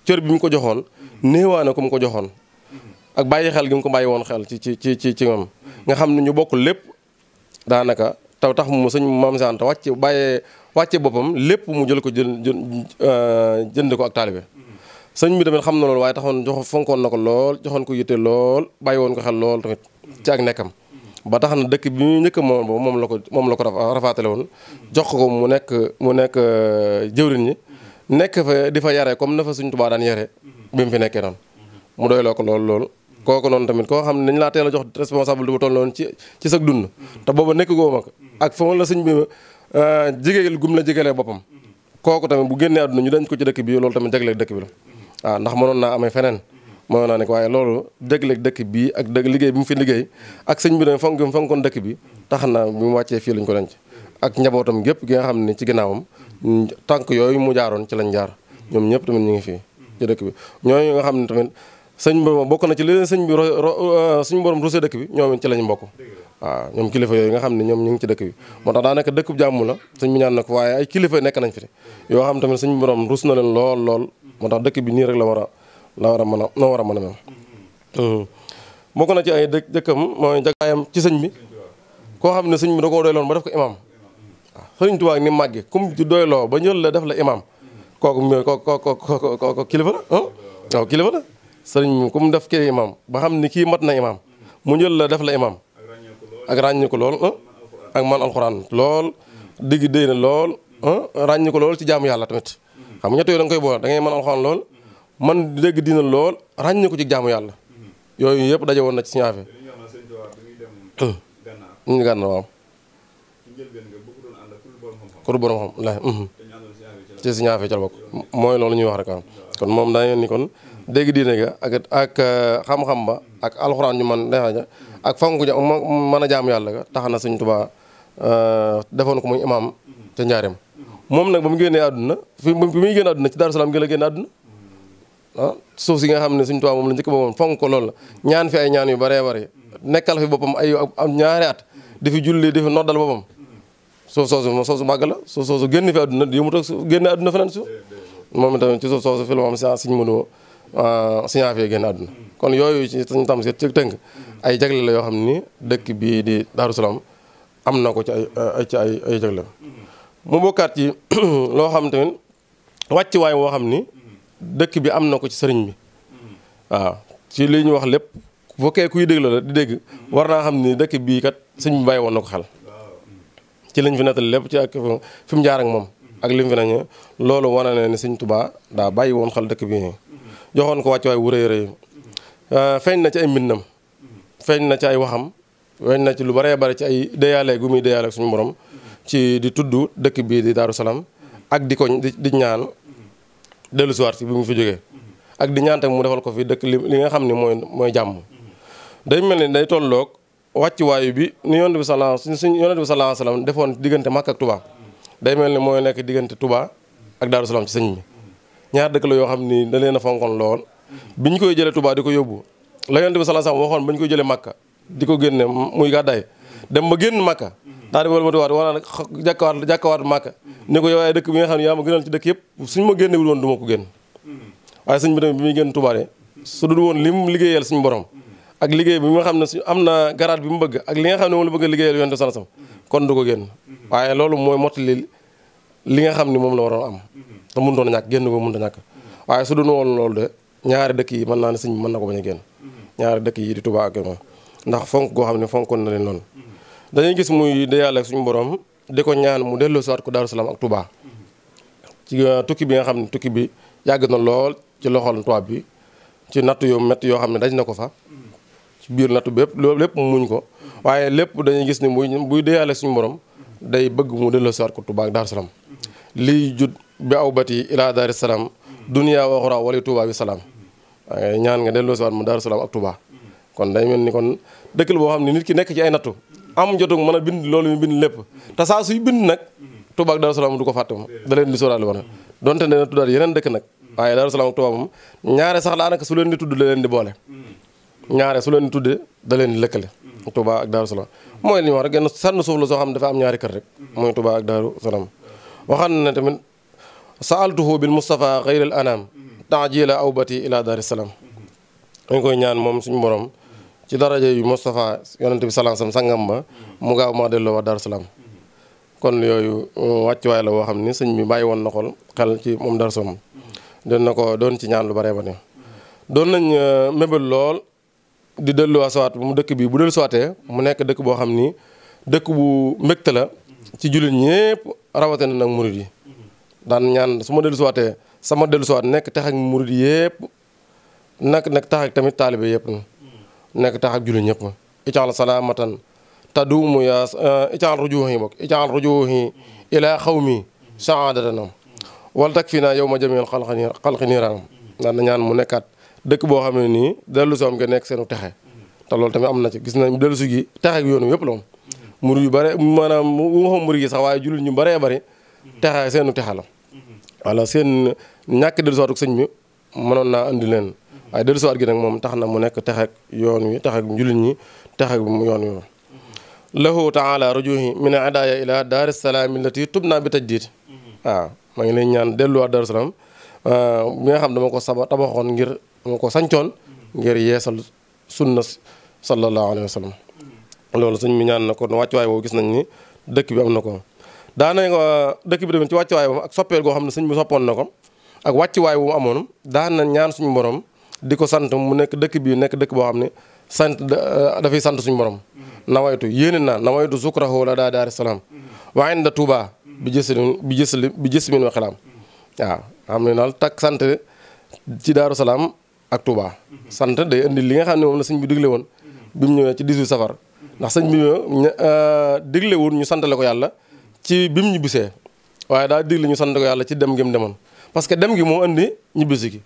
cër bi mu ko joxoon néewaane ko mu ko joxoon ak bàyyi xel gi mu ko bàyyi woon xel ci ci ci ci ci moom nga xam ne ñu bokk lépp daanaka taw tax mu sëñ Maam Cheikh Anta wàcce bàyyee wàccee boppam lépp mu jël ko jël euh, jënd ko ak taalibe sëñ bi tamit xam na loolu waaye taxoon jox fonkoon na ko lool joxoon ko yitte lool bàyyi woon ko xel lool tamit ci ak nekkam ba tax na dëkk bi ñu njëkk moom boobu moom la ko moom la ko rafaatale woon jox ko mu nekk mu nekk euh, jëwriñ ñi nekk fa di fa yare comme na fa suñ tubaa daan yare bi mu fi nekkee noonu mu doy loo ko lool loolu kooku noonu tamit koo xam ne dañ laa teel a jox responsabilité bu toll noonu ci ci sag dund te booba nekk goo mag ak fa ma la sëñ bi euh, jigéel gum la jigéelee boppam kooku tamit bu génnee àdduna ñu denc ko ci dëkk bi loolu tamit jagleel dëkk bi la waaw ndax mënoon naa amee feneen mënoon naa ne waaye loolu dégleg dëkk bii ak dëgg liggéey bi mu fi liggéey ak sëñ bi doon fonk mu dëkk bi tax na bi mu wàccee fii lañ ko ak njabootam gépp gi nga xam ne ci ginnaawam tànk yooyu mu jaaroon ci lañ jaar ñoom ñëpp tamit ñu ngi fii dëkk bi ñooñu nga xam tamit sëñ bi bokk na ci li sëñ bi euh, suñu borom rusee dëkk bi ñoom ci lañ bokk waaw ñoom kilifa yooyu nga xam ne ñoom ñu ngi ci dëkk bi moo tax daanaka dëkk jàmmu jàmm la sëñ bi ñaan na waaye ay kilifa nekk nañ fi yoo xam tamit suñu borom ruus na leen lool lool moo tax dëkk bi nii rek la war a la war a man a war a mën a mel. Hmm. bokk na ci ay dëkk dëkkam mooy ci sëñ bi koo xam ne sëñ bi da koo doyloon ba def ko imaam waaw sëñ Tuubaa ni màgge comme doyloo ba ñëw def la imaam kooku mooy kooku kooku kooku kilifa ah? sëñ comme def kii imaam xam ni kii mat na imaam mu ñëw la def la imaam ak ràññeeku lool ah? ak man alxuraan lool digg déy na lool ah? ràññeeku lool ci jaamu yàlla tamit. xam nga ñett yooyu da nga koy boole da ngay mën alxuraan lool man dégg dina lool ràññee ko ci jaamu yàlla yooyu yëpp daje woon na ci ñaafe ñu gànn waaw ku bokk mooy loolu ñuy wax rek am kon moom daa ngeen ni kon dégg diine ga ak ak euh, xam-xam ba ak alxuraan ñu man dexaja ak fonk ja mën a jaamu yàlla ga tax na Sëñ Tuubaa euh, defoon ko muy imaam ca njaareem moom nag ba mu génnee àdduna fi muy génn àdduna ci Daaru Salaam gi la génn àdduna ah suuf si nga xam ne suñu tubaab moom la njëkk ba moom fonk ko loolu la ñaan fi ay ñaan yu baree bari nekkal fi boppam ay am ñaari at di fi julli di fi noddal boppam suuf soosu moom soosu màgg la suuf soosu génn fi àdduna yëmut ak génne àdduna feneen suuf moom tamit ci suuf soosu fi la moom siñ siñ mënoo ah, siñaa fee génn àdduna kon yooyu ci suñu tam si ci tënk ay jagle la yoo xam ni dëkk bii di Daaru Salaam am na ko ci ay ci ay ay la mu bokkaat ci loo xam tamit wàccuwaay woo xam ni dëkk bi am na ko ci sëriñ bi waaw si li ñu wax lépp bu kee kuy déglu la di dégg war naa xam ni dëkk bii kat sëriñ bi bàyyi woon na ko xel ci liñ fi nettali lépp ci ak fi mu jaar moom ak lim fi nañu loolu wane na ne sëriñ Tuubaa daa bàyyi woon xal dëkk bi joxoon ko wàccuwaay wu rëy rëy euh, feeñ na ci ay mbindam feeñ na ci ay waxam feeñ na ci lu baree bare ci ay déyaale gu muy déyaale suñu borom ci di tudd dëkk bii di Daaru Salaam ak di ko di ñaan dellu siwaat fi bi mu fi jógee ak di ñaan tam mu defal ko fi dëkk li nga xam ne mooy mooy jàmm day mel ni day tolloog wàccuwaayu bi ni yonent bi salaa suñ yonent bi salaa salaam defoon diggante Makka ak Touba day mel ni mooy nekk diggante tubaa ak Daaru Salaam ci sëñ bi ñaar dëkk la yoo xam ni dalee na fonkon lool bi ñu koy jëlee tubaa di ko yóbbu la yonent bi salaa salaam waxoon ba ñu koy jëlee Makka di ko génne muy gàddaay dem ba génn Makka daal di wëlbatiwaat wala nag jàkkawaat jàkkawaat màkka ni ko yow ay dëkk bi nga xam ne yaa ma gënal ci dëkk yëpp suñ ma génnewul woon du ma ko génn waaye sëñ bi tamit bi muy génn Tuubaa su dul woon li mu liggéeyal suñu borom ak liggéey bi nga xam ne su am na garaat bi mu bëgg ak li nga xam ne moom bëgg a liggéeyal yonent kon du ko génn waaye loolu mooy mottali li nga xam ne moom la waroon am te mënutoon a ñàkk génn ko mënut a waaye su dul woon loolu de ñaari dëkk yi mën naa ne sëñ bi mën na ko bañ a génn ñaari dëkk yi di Tuubaa ak moom ndax fonk goo xam ne fonkoon na leen noonu dañuy gis muy deyaale ak suñu borom di ko ñaan mu delloo siwaat ko Daaru Salaam ak Touba ci euh, tukki bi nga xam ne tukki bi yàgg na lool ci loxol tubaab bi ci nattu yu métti yoo xam ne daj na ko fa ci biir nattu bépp loolu lépp muñ ko waaye lépp dañuy gis ni muy buy deyaale suñu borom day bëgg mu delloo siwaat ko Touba ak Daaru Salaam lii jud bi aw bati ilaa Daaru duniyaa wa uxraa wali Touba bi salaam ñaan nga delloo siwaat mu Daaru Salaam ak tubaa kon day mel ni kon dëkk la boo xam ne nit ki nekk ci am jotug mën a bind loolu mi bind lépp te saa suy bind nag Touba ak Darou Salaam du ko fàtte moom da leen di sóoraale woon donte ne na tuddaat yeneen dëkk nag waaye Darou Salaam ak Touba moom ñaare sax daanaka da leen di boole ñaare su da leen di lëkkale Touba ak Darou Salaam mooy li ñu wax rek genn sànn suuf la soo xam ne dafa am ñaari kër rek mooy Touba ak Darou Salaam waxaan na tamit saaltuhu bil Mustafa xayril anam taajila awbati ila Darou Salaam dañ koy ñaan moom suñu borom ci daraja yu Moustapha yonent bi salaam sam sangam ba mu gaaw maa delloo waa Darou kon yooyu uh, wàccuwaay la woo xam ni sëñ bi bàyyi woon na xol xel ci moom Darou Salaam doon na ko doon ci ñaan lu bare ba doon nañ uh, mébal lool di delluwaa sawaat mu dëkk bii bu dellu sawaatee mu nekk dëkk boo xam ni dëkk bu mbégte la ci jullit ñëpp rawatina nag murid yi daan ñaan su ma dellu sama dellu sawaat nekk tax ak murid yëpp nak nag tax ak tamit taalibe yëpp nekk tax ak jullit ñëpp icaal salaamatan taduumu yaa eh, icaal rujuuhi bokk icaal rujuuhi ilaa xawmi saadatana wal tak fii naa yow ma jameel xalxini xalxi niiraanam daan na ñaan mu nekkaat dëkk boo xam ne nii dellu si am nekk seenu texe te loolu tamit am na ci gis nañ dellu si gi texe gi yoonu yëpp la moom murid yu bare maanaam mu waxoon murid yi sax waaye jullit ñu baree bari texe seenu texe la wala seen ñàkk dellu si waatuk sëñ bi mënoon naa andi waaye dellusiwaat gi nag moom tax na mu nekk tax yoon wi tax ak njullit ñi mu yoon wi moom lahu taala rujuhi min adaya ila daari salaami lati tubna bi tajdid waaw maa ngi lay ñaan delluwaat Daaru Salaam bi nga xam dama ko saba tabaxoon ngir dama ko sancoon ngir yeesal sunna sallallahu alayhi wa sallam loolu sëñ mi ñaan na ko wàccuwaay boobu gis nañ ni dëkk bi am na ko daana ko dëkk bi tamit ci wàccuwaay boobu ak soppeel koo xam ne sëñ bi soppoon na ak wàccuwaay bu mu amoon ñaan suñu borom di ko sant mu nekk dëkk bi nekk dëkk boo xam ne sant euh, dafay sant suñu borom nawaytu yéene naa nawaytu sukrahu la daa daari salaam wa inda Touba bi jës bi jës bi jës min wa xilaam waaw xam ne daal tak sant ci daaru salaam ak Touba sant day indi li nga xam ne moom la sëñ bi digle woon bi mu ñëwee ci 18 safar ndax sëñ bi euh, digle woon ñu santale ko yàlla ci bi mu ñibbisee waaye daal digle ñu sant ko yàlla ci dem gi mu demoon parce que dem gi moo indi ñibbisi gi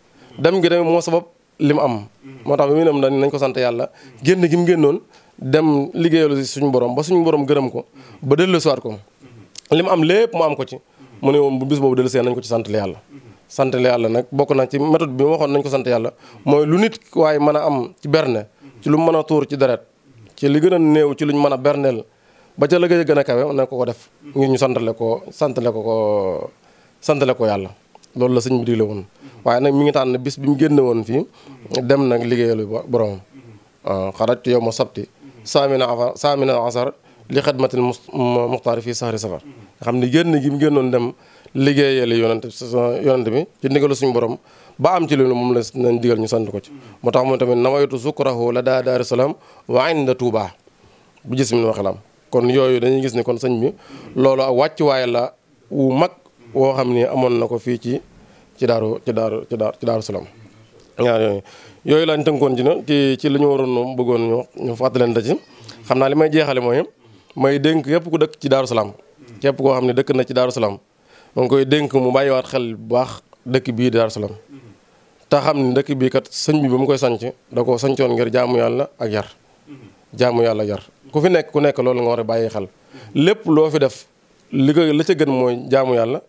li mu am. moo tax bi muy dem dañ nañ ko sant yàlla génn gi mu génnoon dem liggéeyalu si suñu borom ba suñu borom gërëm ko ba dellusiwaat ko li mu am lépp mu am ko ci. mu ne woon bu bis boobu dellusee nañ ko ci sant yàlla. sant yàlla nag bokk na ci méthode bi ma waxoon nañ ko sante yàlla mooy lu nit waaye man a am ci berne. ci lu mën a tuur ci deret ci li gën a néew ci luñ mën a berneel ba ca la gën a kawe na ko ko def. ngir ñu santale ko santale ko ko santale ko yàlla. loolu la sëñ bi digle woon waaye nag mi ngi tànn bis bi mu génne woon fii dem nag liggéeyalu boromam waaw xarajtu yow ma sabti saamina afar saamina asar li xadmatil muxtaari fii saxri safar nga xam ne génn gi mu génnoon dem liggéeyali yonante yonante bi ci ndigalu suñu borom ba am ci loolu moom la na digal ñu sant ko ci moo tax moo tamit na nawaytu sukrahu la daa daari salaam wa inda tuubaa bu gis min waxilam kon yooyu dañuy gis ne kon sëñ bi loolu ak wàccuwaay la wu mag woo xam ni amoon na ko fii ci ci daaru ci daaru ci daaru ci daaru salaam yooyu yooyu lañ tënkoon ci na ci ci li ñu waroon bëggoon ñu ñu fàttalante ci xam naa li may jeexale mooy may dénk yëpp ku dëkk ci daaru salaam képp koo xam ne dëkk na ci daaru salaam ma koy dénk mu bàyyiwaat xel bu baax dëkk bii daaru salaam te xam ne dëkk bii kat sëñ bi ba mu koy sanc da ko sancoon ngir jaamu yàlla ak yar jaamu yàlla yar ku fi nekk ku nekk loolu nga war a bàyyi xel lépp loo fi def li ko la ca gën mooy jaamu yàlla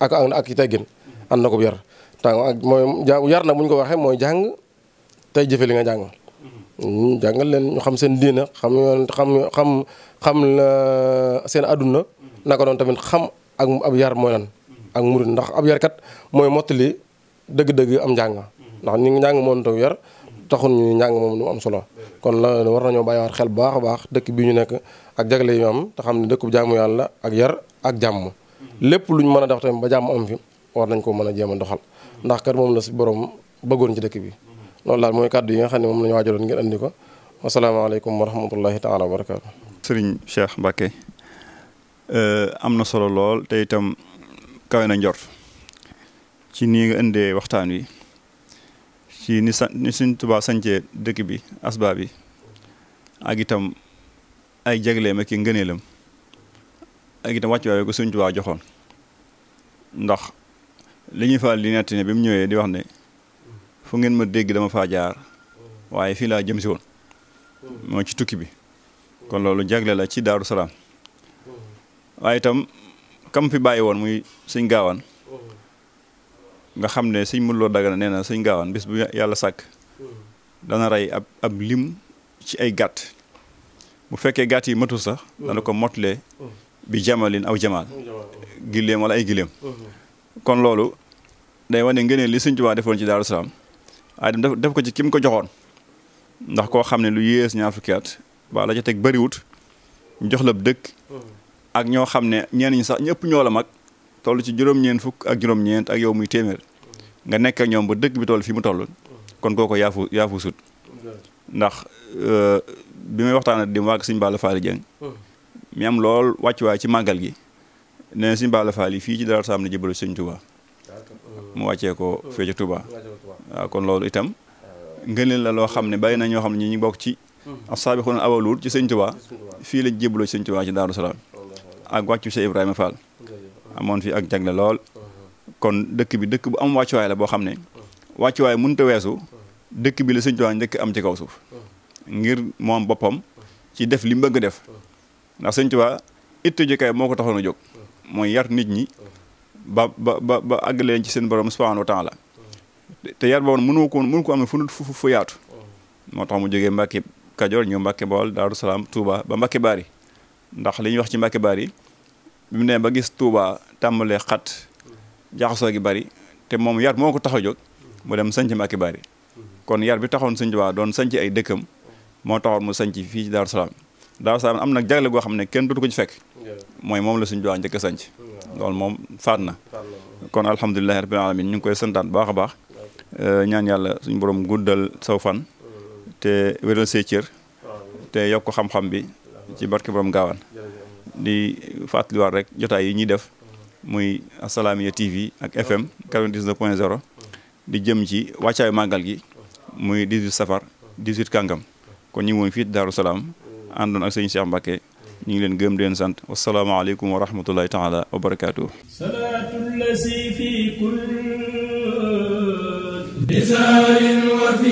ak ak i teggin ànd na ko yar tàng mooy yar nag bu ñu ko waxee mooy jàng tey jëfe li nga jàng hmm, jàngal leen ñu xam seen diina xam xam xam xam seen àdduna naka doon tamit xam ak ab yar mooy lan ak murid ndax ab yarkat mooy mottali dëgg-dëgg am njàng ndax ñu ngi njàng moom yar taxul ñu njàng moom am solo kon la war nañoo bàyyiwaat xel bu baax a baax dëkk bi ñu nekk ak jagle yi ñu am te xam ne dëkku bu jaamu yàlla ak yar ak jàmm lépp lu ñu mën a def tamit ba jàmm am fi war nañ ko mën a jéem a doxal ndax kat moom la si borom bëggoon ci dëkk bi loolu daal mooy kàddu yi nga xam ne moom la ñu waajaloon ngeen andi ko wasalaamaaleykum wa rahmatullahi taala wa barakaatu sëriñ Cheikh Mbacke euh, am na solo lool te itam kawe na njor ci nii nga waxtaan wi ci ni sa ni suñ Tuubaa sancee dëkk bi asbaab yi ak itam ay jagleem ak i ngëneelam ak itam wàcc waaye ko suñ Sëñ waa joxoon ndax li ñuy fa di netti ne bi mu ñëwee di wax ne fu ngeen ma dégg dama faa jaar waaye fii laa jëm si woon moo ci tukki bi kon loolu jagle la ci Daaru Salaam waaye itam kam fi bàyyi woon muy Sëñ Gaawaan nga xam ne Sëñ Muloo Dagana nee na Sëñ Gaawaan bis bu yàlla sàkk dana rey ab ab lim ci ay gàtt bu fekkee gàtt yi matul sax dana ko mottalee bi jamalin aw jamaal giléem wala ay giléem kon loolu day wane ngëneel li Sëñ Tuubaa defoon ci Daaru Salaam waaye def def ko ci ki ko joxoon ndax koo xam ne lu yées ñaar fukki at ba la ca teg bëriwut jox la dëkk ak ñoo xam ne ñenn ñi sax ñëpp ñoo mag toll ci juróom-ñeent fukk ak juróom-ñeent ak yow muy téeméer nga nekk ñoom ba dëkk bi toll fi mu toll kon kooko yaafu yaafu sut ndax euh, bi may waxtaan di mu wàgg Sëñ Balla Faali Jeng mi am lool wàccuwaay ci màggal gi nee na suñu Balla Fall yi fii ci Darou Sam la jëbal sëñ Touba mu wàccee ko fee ca Touba waaw kon loolu itam ngëneel la loo xam ne bàyyi na ñoo xam ne ñi ñu bokk ci as-saabiquun al-awwaluun ci sëñ Touba fii lañ jëbaloo ci sëñ Touba ci Darou Salaam ak wàccu sa Ibrahima Fall amoon fii ak jagle lool kon dëkk bi dëkk bu am wàccuwaay la boo xam ne wàccuwaay mënut weesu dëkk bi la sëñ Touba njëkk am ci kaw suuf ngir moom boppam ci def li mu bëgg def ndax sëñ Tuubaa itte jukaay moo ko taxoon a jóg mooy yar nit ñi ba ba ba ba àgg ci seen borom subhaanahu wa la te yar boobu mënu ko ko amee fu fu fu yaatu moo tax mu jógee Mbàkke Kajoor ñëw Mbàkke Bawol Daaru Salaam Touba ba Mbàkke Baari ndax li wax ci Mbàkke Baari bi mu ne ba gis tuuba tàmbalee xat jaxasoo gi bari te moom yar moo ko tax a jóg mu dem sanc Mbàkke Baari kon yar bi taxoon Sëñ Tuubaa doon sanc ay dëkkam moo taxoon mu sanc fii ci Daaru daaw Salaam am nag jagle goo xam ne kenn dootu ko ci fekk mooy moom la suñu doon njëkk a sanc loolu moom faat na kon alhamdulilahi rabbil alamin ñu ngi koy santaat baax a baax eh, ñaan yàlla suñ borom guddal saw fan mm-hmm. te wéral say te yokk xam-xam bi ci barke borom gaawaan di fàttaliwaat rek jotaay yi ñuy def mm-hmm. muy Assalaamy TV ak FM 99 point 0 mm-hmm. di jëm ci wàccaay màggal gi muy 18 safar 18 kàngam kon ñu ngi fii Daaru Salaam àndoon ak sëñ Cheikh Mbacke ñu ngi leen gëm di leen sant wasalaamaaleykum wa rahmatullahi taala wa barakaatu. salaatu lasi fi kulli.